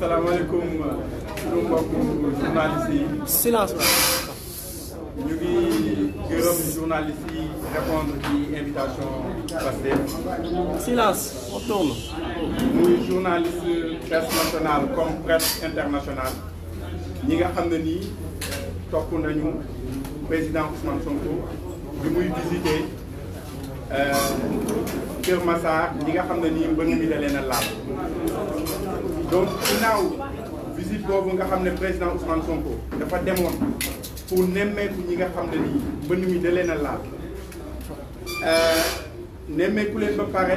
salaamaaleykum alaikum, mbokku journaliste journalistes. silence. Nous suis gërëm journaliste répondre ci invitation passée. silence on tourne. journalistes journaliste presse nationale comme presse internationale ñi nga xam ne président Ousmane Sonko bi muy visiter. Euh, Kër Massar li nga xam ne nii mbënn mi da laal donc ginnaaw visite boobu nga xam ne président Ousmane Sonko dafa demoon pour nemmeeku ñi nga xam ne nii mbënn mi da leen a laal euh, nemmeeku leen ba pare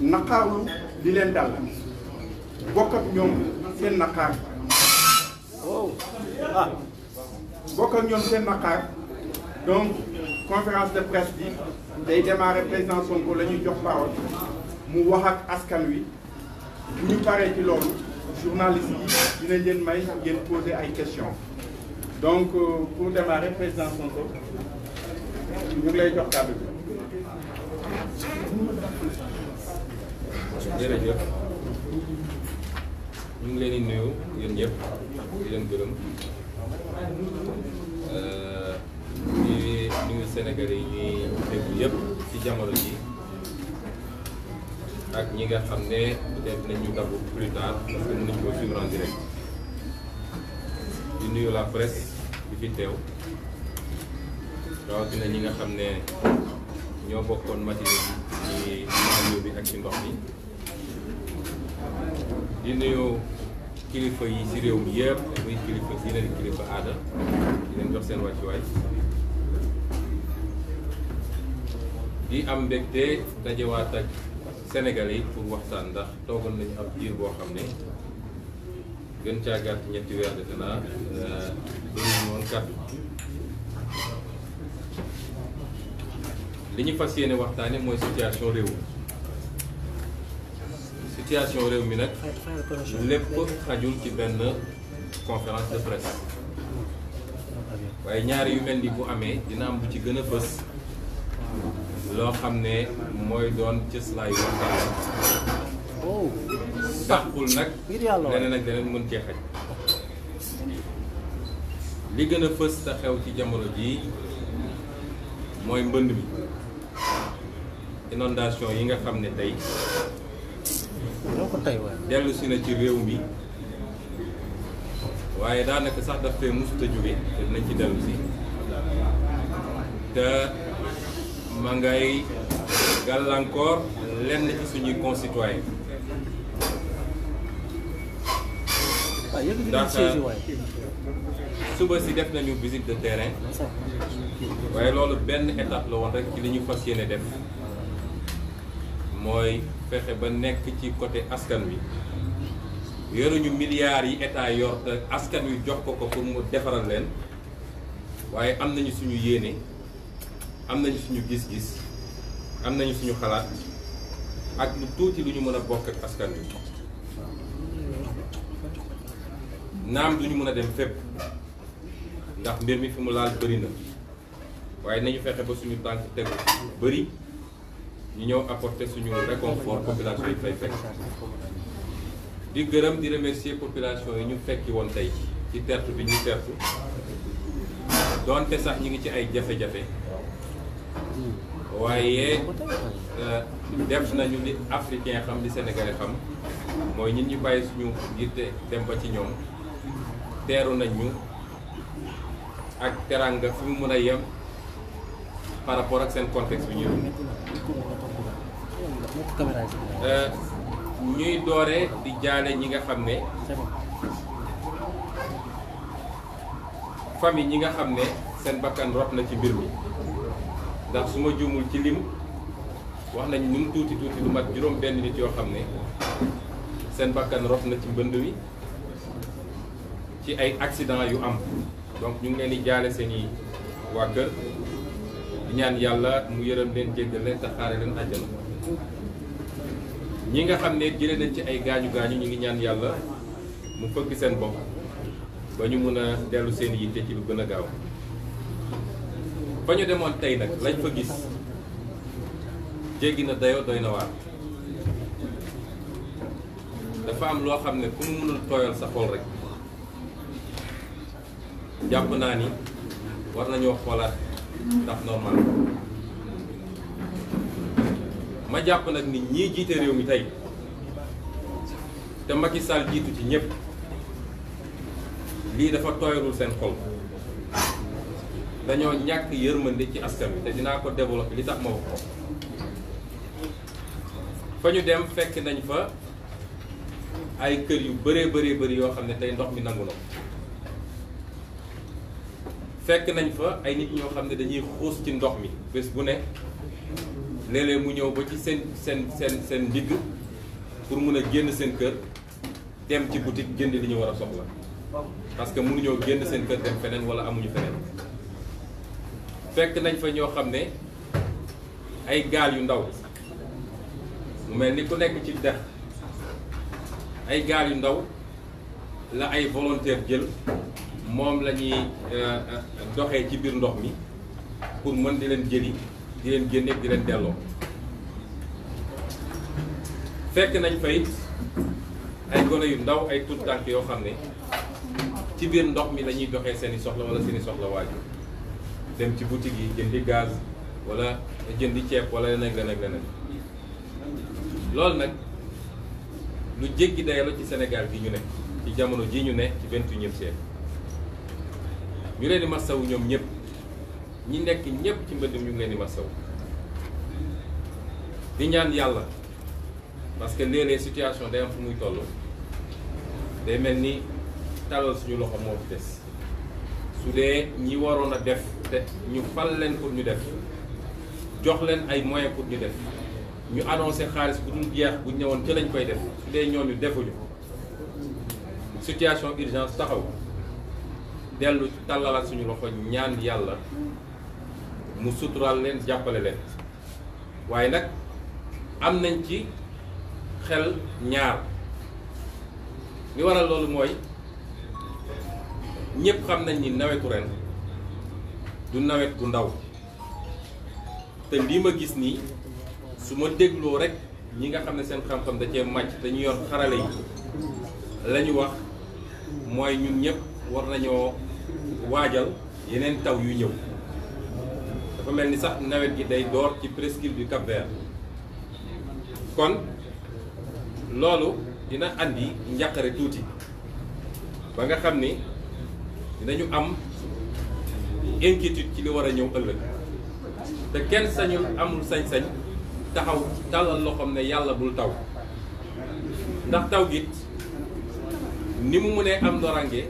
naqaarlu li leen dal bokk ak ñoom seen naqaar oh. bokk ak ñoom seen naqaar donc conférence de presse bi day démarrer président Sonko la ñuy jox parole mu wax ak askan wi bu ñu paree ci loolu journaliste yi dinañ leen may ngeen poser ay questions donc euh, pour démarrer président Sonko ñu ngi lay jox kàddu bi. jërëjëf ñu ngi leen di nuyu yéen ñëpp di leen gërëm. Euh, nuyu Sénégalais yi ñuy déglu yëpp ci jamono ji ak ñi nga xam ne peut nañu dabu plus tard parce que mën nañu ko suivre direct di nuyu la presse bi fi teew rawatina ñi nga xam ne ñoo bokkoon matinée bi ci mario bi ak ci ndox mi di nuyu kilifa yi ci réew mi yëpp muy kilifa diine di kilifa aada di leen jox seen wàccuwaay di am mbégte dajewaat ak Sénégalais yi pour waxtaan ndax toogoon nañu ab diir boo xam ne gën caa gàtt ñetti weer defe naa euh, ñu fas yéene waxtaane mooy situation réew mi réew mi nag lépp xajul ci benn conférence de presse waaye ñaari yu mel ni bu amee dina am bu ci gën a fës loo xam ne mooy doon cëslaay waxtaan oh. taxul nag leneen ak leneen mën cee xaj li gën a fës sa xew ci jamono jii mooy mbënn mi inondation yi nga xam ne tey dellu si na ci réew mi waaye daanaka sax daf fee mosut a jóge dinañ ci dellu si te ma ngay gàllankoor lenn ci suñuy concitoyens ndax suba si def nañu bisit de terrain waaye loolu benn étape la woon rek ci li ñu fas yéene def mooy fexe ba nekk ci côté askan wi yoruñu milliards yi état yor askan wi jox ko ko pour mu defaral leen waaye am nañu suñu yéene am nañu suñu gis-gis am nañu suñu xalaat ak lu tuuti lu ñu mën a bokk ak askan wi naam du ñu mën a dem fépp ndax mbir mi fi mu laal bëri na waaye nañu fexe ba suñu tànk tegu bëri ñu ñëw apporter suñu réconfort population yi fay fekk di gërëm di remercier population yi ñu fekki woon tey ci tertu bi ñu tertu doonte sax ñi ngi ci ay jafe-jafe waaye euh, def nañu li africain xam di sénégalais xam mooy ñun ñu bàyyi suñu yitte dem ba ci ñoom teeru nañ ñu ak teranga fi mu mën a yem par rapport ak seen contexte bi euh, ñuy doore di jaale ñi nga xam ne famille ñi nga xam ne seen bakkan rot na ci mbir mi ndax su ma jumul ci lim wax nañ nu mu tuuti tuuti lu mat juróom benn nit yoo xam ne seen bakkan rot na ci mbënd wi ci ay accident yu am donc ñu ngi leen di jaale seen i waa ñaan yàlla mu yërëm leen jéggal leen te xaare leen àjjana ñi nga xam ne jëlee nañ ci ay gaañu gaañu ñu ngi ñaan yàlla mu fëgg seen bopp ba ñu mun a dellu seeni yitte ci lu gën a gaaw fa ñu demoon tey nag lañ fa gis jéggi na dayoo doy na waar dafa am loo xam ne ku mu mënul tooyal sa xol rek jàpp naa ni war nañoo xoolaat ndax normal ma jàpp nag nit ñi jiite réew mi tey te Macky Sall jiitu ci ñëpp lii dafa tooyalul seen xol. dañoo ñàkk yërmande ci askan wi te dinaa ko développé li tax ma wax ko fa ñu dem fekk nañ fa ay kër yu bëree bëree bëri yoo xam ne tey ndox mi nangu na fekk nañ fa ay nit ñoo xam ne dañuy xuus ci ndox mi bés bu ne léeg mu ñëw ba ci seen seen seen seen ndigg pour mun a génn seen kër dem ci boutique jënd li ñu war a soxla parce que mënuñoo génn seen kër dem feneen wala amuñu feneen fekk nañ fa ñoo xam ne ay gaal yu ndaw mel ni ku nekk ci dex ay gaal yu ndaw la ay volontaire jël moom la ñuy euh, euh, doxee ci biir ndox mi pour mën di leen jëli di leen génne di leen delloo fekk nañ fay ay gone yu ndaw ay tuut tànk yoo xam ne ci biir ndox mi la ñuy doxee seeni soxla wala seeni soxla waajur dem ci boutique yi jëndi gaz wala jëndi ceeb wala leneen ak leneen leneen loolu nag lu jéggi dayalo ci senegal gi ñu ne ci jamono ji ñu ne ci vingt et unième siècle ñu leen di massaw ñoom ñëpp ñi nekk ñëpp ci mbënd ñu ngi leen di massaw di ñaan yàlla parce que léeg situation day am fu muy toll day mel ni talal suñu loxo moo fi des su dee ñi waroon a def té ñu fal leen pour ñu def jox leen ay moyens pour ñu def ñu annoncer xaalis bu dul jeex bu ñewon ca lañ koy def su dee ñooñu defuñu situation urgence taxaw dellu tàllalaat suñu loxo ñaan yalla mu sutural leen jappalé leen waye nak am nañ ci xel ñaar ni waral lolu moy ñëpp xam nañ ni nawetu ren du nawet bu ndaw te lii ma gis nii su ma dégloo rek ñi nga xam ne seen xam-xam da cee màcc dañu yoon xarale yi la wax mooy ñun ñëpp war nañoo waajal yeneen taw yu ñëw dafa mel ni sax nawet gi day door ci presqu'île bi Cap-Vert kon loolu dina andi njàqare tuuti ba nga xam ni dinañu am inquiétude ci li war a ñëw ëllëg te kenn sañu amul sañ-sañ taxaw tàllal loxoom ne yàlla bul taw ndax taw git ni mu mënee am lorange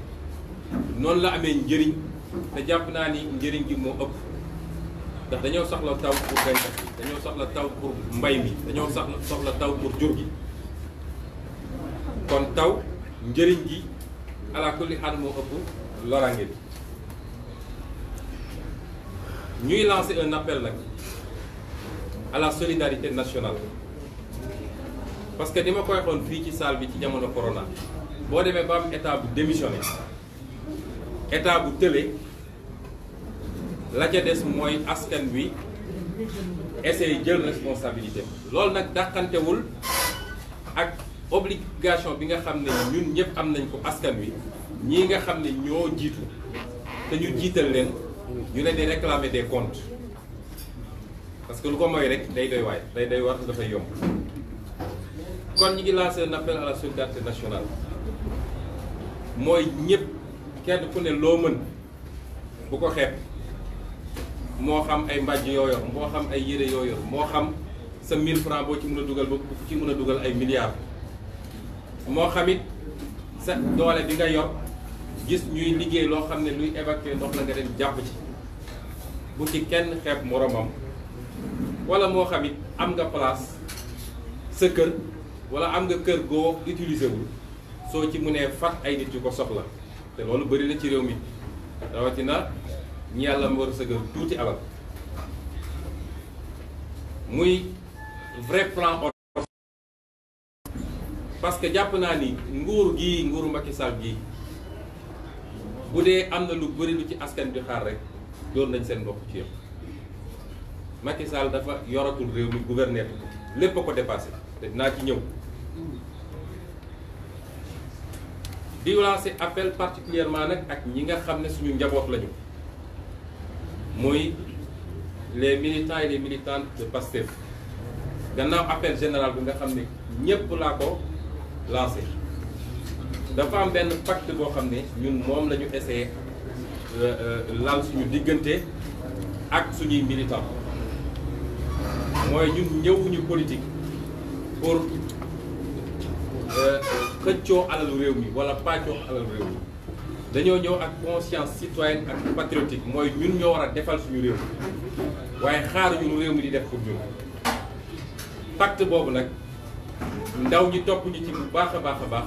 noonu la amee njëriñ te jàpp naa ni njëriñ gi moo ëpp ndax dañoo soxla taw pour gàncax gi dañoo soxla taw pour mbay mi dañoo soxla soxla taw pour jur gi kon taw njëriñ gi alaa kulli moo ëpp lorange bi ñuy lancer un appel nag à la solidarité nationale parce que ni ma koy waxoon fii ci salle bi ci jamono corona boo demee ba am état bu démissionné état bu tële la ca des mooy askan wi essayer jël responsabilité loolu nag dàqantewul ak obligation bi nga xam ne ñun ñëpp am nañ ko askan wi ñii nga xam ne ñoo jiitu te ñu jiital leen ñu leen di réclamer des comptes parce que lu ko moy rek day doy waay day doy war dafay yomb kon ñu ngi lancé un appel à la solidarité nationale mooy ñëpp kenn ku ne loo mën bu ko xeeb moo xam ay mbàjj yoo moo xam ay yére yoo moo xam sa 1000 francs boo ci mën a dugal ba ci mën a dugal ay milliards moo xamit it sa doole bi nga yor. gis ñuy liggéey loo xam ne luy évacuer ndox la nga dem jàpp ci bu ci kenn xeeb moromam wala moo xam it am nga place sa kër wala am nga kër goo utiliser wul soo ci mënee fat ay nit yu ko soxla te loolu bëri na ci réew mi rawatina ñi yàlla war sa kër tuuti alal muy vrai plan parce que jàpp naa ni nguur gii nguuru Macky Sall gii bu dee am na lu bëri lu ci askan bi xaar rek doon nañ seen bopp ci yëpp Macky dafa yoratul réew mi gouverner ko lépp a ko dépassé te naa ci ñëw di lancé appel particulièrement nag ak ñi nga xam ne suñu njaboot lañu mooy les militants et les militantes de Pastef gannaaw appel général bi nga xam ne ñëpp laa ko lancé dafa am benn pacte boo xam ne ñun moom la ñu essayé euh, euh, laal suñu diggante ak suñuy militant mooy ñun ñëwuñu politique pour euh, xëccoo alal réew mi wala pàccoo alal réew mi dañoo ñëw ak conscience citoyenne ak patriotique mooy ñun ñoo war a defal suñu réew mi waaye xaaruñu lu réew mi di def pour ñun pacte boobu nag ndaw ñi topp ñu ci bu baax a baax a baax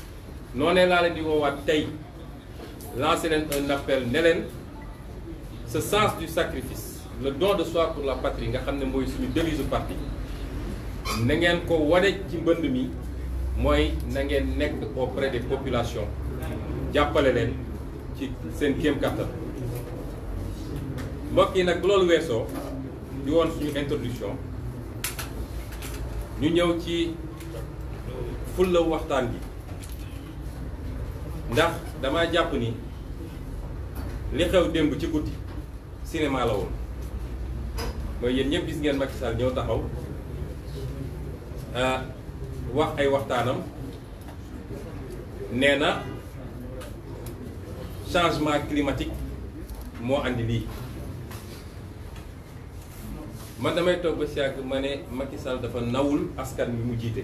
noonee laa leen di woowaat tey lancer leen un appel ne ce sens du sacrifice le don de soi pour la patrie nga xam ne mooy suñu devise parti na ngeen ko wane ci mbënd mi mooy na ngeen nekk auprès des populations jàppale leen ci seen kéem kàttan mbokk yi nag bu loolu weesoo di woon suñu introduction ñu ñëw ci fulla waxtaan gi ndax damaa jàpp ni li xew démb ci guddi cinéma la woon mooy yéen ñëpp gis ngeen Macky Sall ñëw taxaw ah, wax ay waxtaanam nee na changement climatique moo andi lii man damay toog ba si yàgg ma ne Macky dafa nawul askan bi mu jiite.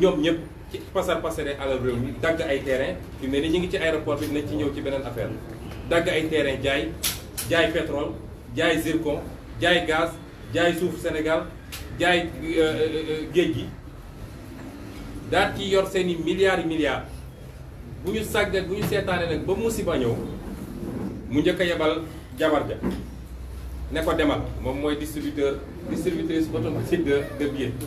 ñoom ñëpp ci pasar pasare alal réew mi dagg ay terrain yu mel ni ñu ngi ci aéroport bi nañ ci ñëw ci beneen affaire dagg ay terrain jaay jaay pétrole jaay zircon jaay gaz jaay suuf senegal jaay euh, euh, euh, géej gi daal ci yor seen i milliards yi milliards bu ñu sàggat bu ñu seetaanee nag ba musiba ñëw mu njëkk a yebal jabar ja ne ko demal moom mooy distributeur distributrice automatique de de billets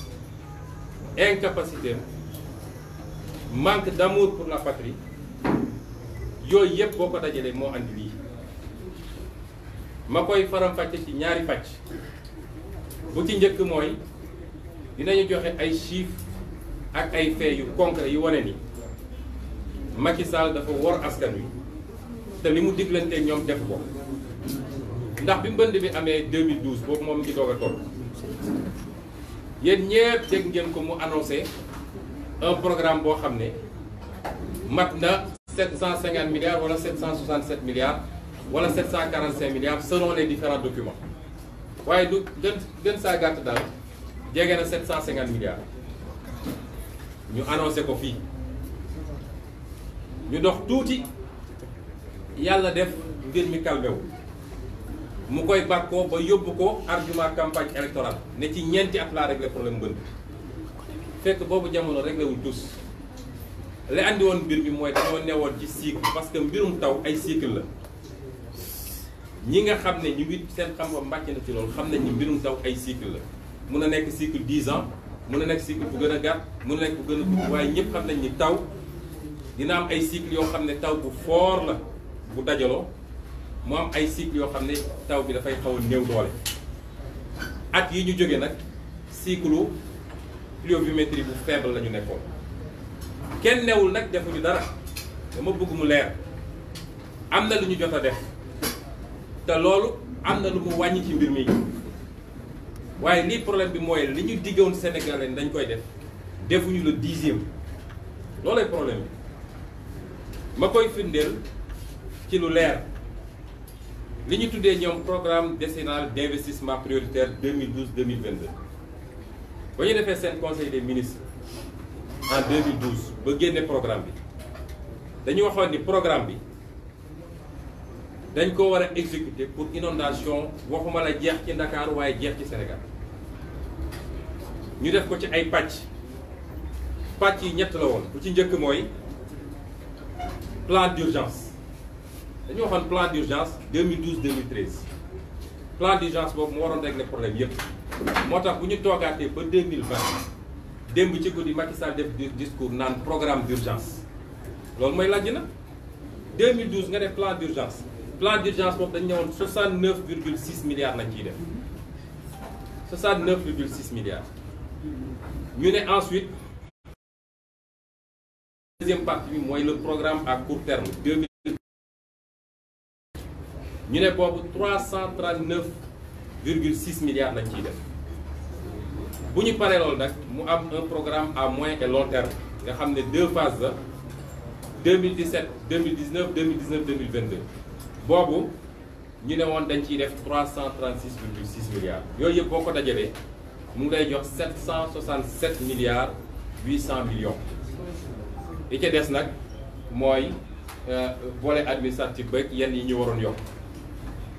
incapacité manque d'amour pour la patrie yoyep boko dajale mo andi li ma faram-fàcce ci ñaari patch bu ci njëkk moy dinañu joxe ay chiffres ak ay faits yu concret yu woné ni Macky Sall dafa wor askan wi te li diglanté ñom def ko ndax bi mbënd bi 2012 boobu mom ci doog a vous y annoncé un programme qui est 750 milliards voilà 767 milliards voilà 745 milliards selon les différents documents Vous du gën avez 750 milliards ñu annoncé ko dit. ñu dox tout dit def y mi de mu koy bàkkoo ba yóbbu ko argument campagne électorale ne ci ñeenti at laa réglé problème mbënd fekk boobu jamono réglé wul tous li indi woon mbir mi mooy dañoo newoon ci cycle parce que mbirum taw ay cycle la ñi nga xam ne ñu ngi seen xam-xam màcc na ci loolu xam nañ ni mbirum taw ay cycle la mun a nekk cycle 10 ans mun a nekk cycle bu gën a gàtt mun a nekk bu gën a gudd waaye ñëpp xam nañ ñi taw dina am ay cycle yoo xam ne taw bu fort la bu dajaloo. mu am ay cycle yoo xam ne taw bi dafay xaw a néew doole at yi ñu jóge nag cycle pluviométrie bu faible la ñu nekkoon kenn newul nag defuñu dara dama bëgg mu leer am na lu ñu jot a def te loolu am na lu mu wàññi ci mbir mi waaye lii problème bi mooy li ñu diggoon Sénégalais dañ koy def defuñu le dixième loolay problème bi ma koy findeel ci lu leer. Nous avons ñom programme décennal d'investissement prioritaire 2012 2022 Nous avons fait conseil des ministres en 2012 ba génné programme bi dañu waxo ni programme bi dañ ko wara exécuter pour inondation waxuma la jeex ci Dakar waye jeex ci Sénégal ñu def ko ci ay Patch patch yi ñett la won bu ci plan d'urgence avons un plan d'urgence 2012 2013 plan d'urgence urgence mo moo régler problème yépp motax tax bu ñu ba 2020 demb ci goudi Macky Sall def discours nan programme d'urgence. urgence loolu lajina 2012 nga def plan d'urgence. plan d'urgence nous dañ 69,6 69,6 milliards Nous ci def 69,6 milliards ñu né ensuite deuxième partie bi le programme à court terme nous avons 339,6 milliards de pour nous bu ñu de nous nous un programme à moyen et long terme Nous avons deux phases 2017 2019 2019 2022 Nous avons 336,6 milliards Nous avons beaucoup ko nous avons 767 milliards 800 millions Et que euh, volet administratif yenn yi ñu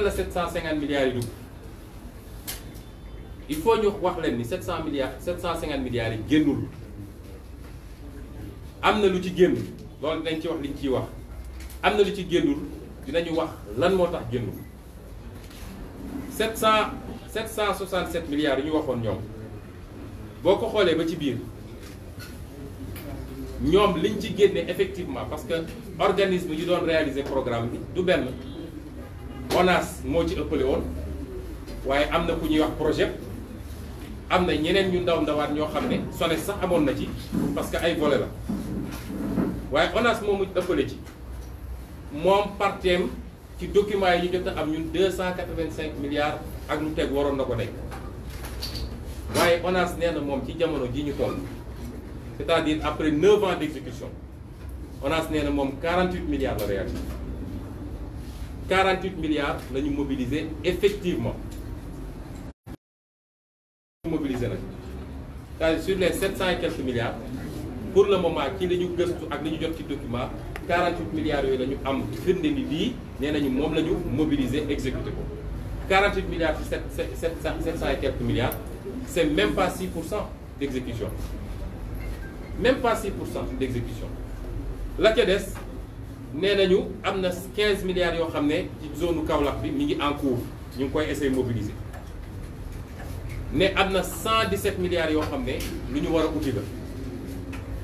750 milliards il faut nous wax leen 700 milliards 750 milliards yi nous nous avons lu ci nous ci wax dans nous wax 700 767 milliards nous ñu waxoon nous boo ko ba ci biir effectivement parce que organisme doit doon réaliser programme ONAS moo ci ëppale woon waaye am na ku ñuy wax projet am na ñeneen ñu ndaw ndawaan ñoo xam ne SONES sax amoon na ci parce que ay volet la waaye ONAS moomu ëppale ci moom parteem ci document yi ñu jot a am ñun 285 milliards ak lu teg waroon na ko nekk waaye ONAS nee na moom ci jamono ji ñu toll c'est-à-dire après 9 ans d'exécution ONAS nee na moom quarante milliards la réalisé 48 milliards nous mobiliser effectivement mobiliser sur les 700 et quelques milliards pour le moment qui la gëstu ak document 48 milliards nous avons am ni exécuté 48 milliards sur 700 et quelques milliards c'est même pas 6 d'exécution même pas 6 d'exécution la Cades nous avons 15 milliards de dollars qui ci zone bi en cours ñu ngi koy essayer mobiliser Nous avons 117 milliards de dollars ne lu ñu cours.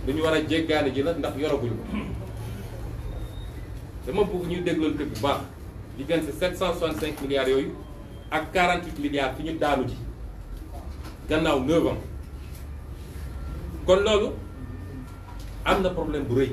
Nous avons la lu ñu war a jéggaane ji la ndax yoraguñu nous dama bëgg ñu avons te bu baax 765 milliards de ak 48 milliards fi ñu daanu ji gannaaw 9 ans kon nous avons un problème bu bruit,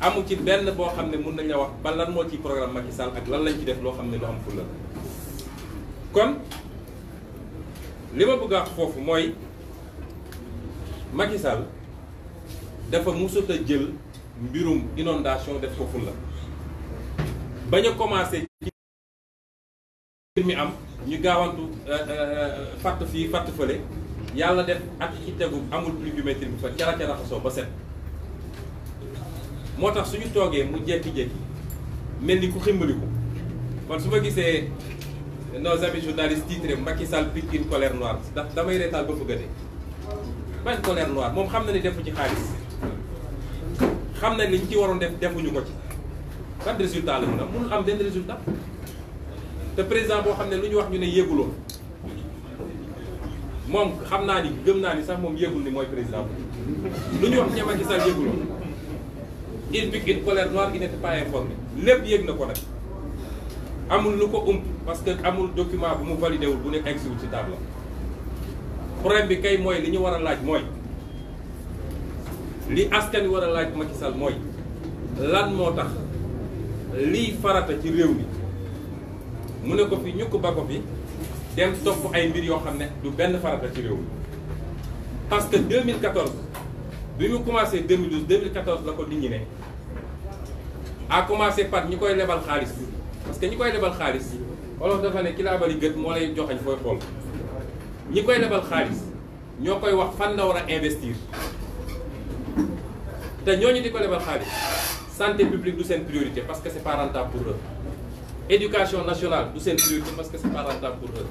amul ci benn boo xam ne mun nañ wax ba lan moo ci programme Macky Sall ak lan lañ ci def loo xam ne lu am fulla la kon li ma bëgg a wax foofu mooy Macky Sall dafa musut jël mbirum inondation def ko fulla bañ a commencé ci mbir mi am ñu gaawantu euh, euh, euh, fatt fii fatt fële yàlla def ak ci tegu amul pluviométrie bi fa cara cara xasoo ba set moo tax suñu toogee mu jekki jékki mel ni ku ko man su ma gisee nos amis journalistes titré Macky Sall pique une colère noire ndax damay reetal ba bëgg a dee ban colère moom xam na ni defu ci xaalis xam na ni ñu ci waroon def defuñu ko ci ban résultat la mun am mun am benn résultat te président boo xam ne lu ñu wax ñu ne yéeguloo moom xam naa ni gëm naa ni sax moom yéegul ni mooy président lu ñu wax ñe Macky Sall yéeguloo il pique une colère noire il n'était pas informé lépp yëg na ko nag amul lu ko ump parce que amul document bu mu validé wul bu ne egsiwul ci table problème bi kay mooy li ñu war a laaj mooy li askan war laaj Macky Sall mooy lan moo tax lii farata ci réew mi mu ne ko fi ñukk ba ko dem topp ay mbir yo xamne du benn farata ci rew parce que 2014 bi mu commencé 2012 2014 la ko nit ñi ne a commencé par ñi koy lebal xaalis parce que ñi koy lebal xaalis wolof dafa ne ki laa bari gët moo lay joxañ fooy xool ñi koy lebal xaalis ñoo koy wax fan la investir te ñooñu di ko lebal xaalis santé publique du seen priorité parce que c'est pas rentable pour eux éducation nationale du seen priorité parce que c'est pas rentable pour eux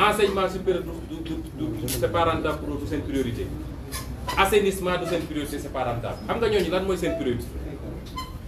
enseignement supérieur du c'est pas rentable pour eux du seen priorité assainissement du seen priorité c'est pas rentable xam nga ñooñu lan moy sen priorité.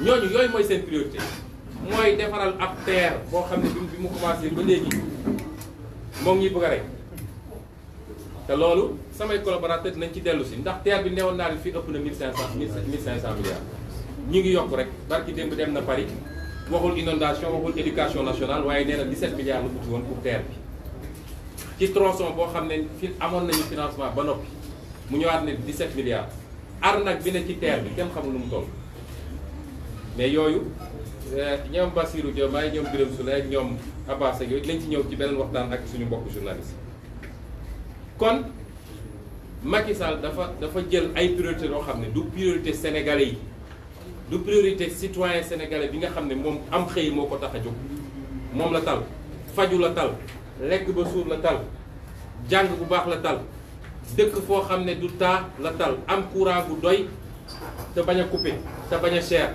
ñooñu yooyu mooy seen priorité mooy defaral ab terre boo xam ne bi mu commencé ba léegi moom ñuy bëgg a rek te loolu samay collaborateur nañ ci dellu si ndax terre bi newoon naa fi ëpp na 1500 1500 milliards ñu ngi yokk rek barki démb dem na Paris waxul inondation waxul éducation nationale waaye nee na 17 milliards la uti woon pour terre bi ci tronçon boo xam ne fi amoon nañu financement ba noppi mu ñëwaat ne 17 milliards arnaque bi ne ci terre bi kenn xamul nu mais yooyu ñam euh, ñoom Bassirou Diomaye ñoom Birame Souleye ñoom Abbas ak yooyu lañ ci ñëw ci beneen waxtaan ak suñu mbokk journaliste kon Macky Sall dafa dafa jël ay priorité yoo xam ne du priorité sénégalais yi du priorité citoyen sénégalais bi nga xam ne moom am xëy moo ko tax a jóg moom la tal faju la tal lekk ba suur la tal jàng bu baax la tal dëkk foo xam ne du taa la tal am courant bu doy te bañ a coupé te bañ a cher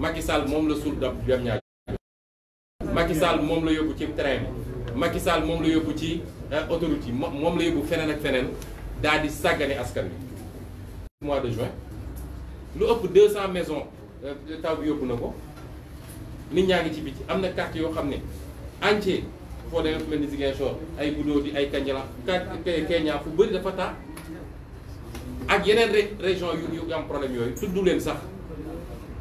Macky Sall moom la suul dab jam ñaar Macky Sall moom la yóbbu ci train bi Sall moom la yóbbu ci euh, autoroute yi moom la yóbbu feneen ak feneen daal di sàggane askan bi mois de juin lu ëpp 200 maisons euh, taw bi yóbbu na ko nit ñaa ngi ci biti am na quartier yoo xam ne entier foo demee fu mel ni Ziguinchor ay Goudomp ay Kanjala Kenya fu bëri dafa taa ak yeneen région yu yu am problème yooyu tudd leen sax.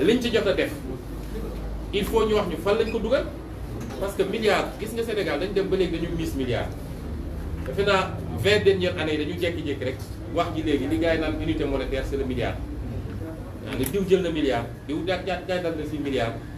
liñ ci jot a def il faut ñu wax ñu fan lañ ko dugal parce que milliards gis nga Sénégal dañ dem ba léegi dañu miis milliards defe naa vingt dernières années dañu jékki-jékki rek wax ji léegi li gars yi naan unité monétaire c'est le milliard. maanaam diw jël na milliard diw daal daal daal na si milliard.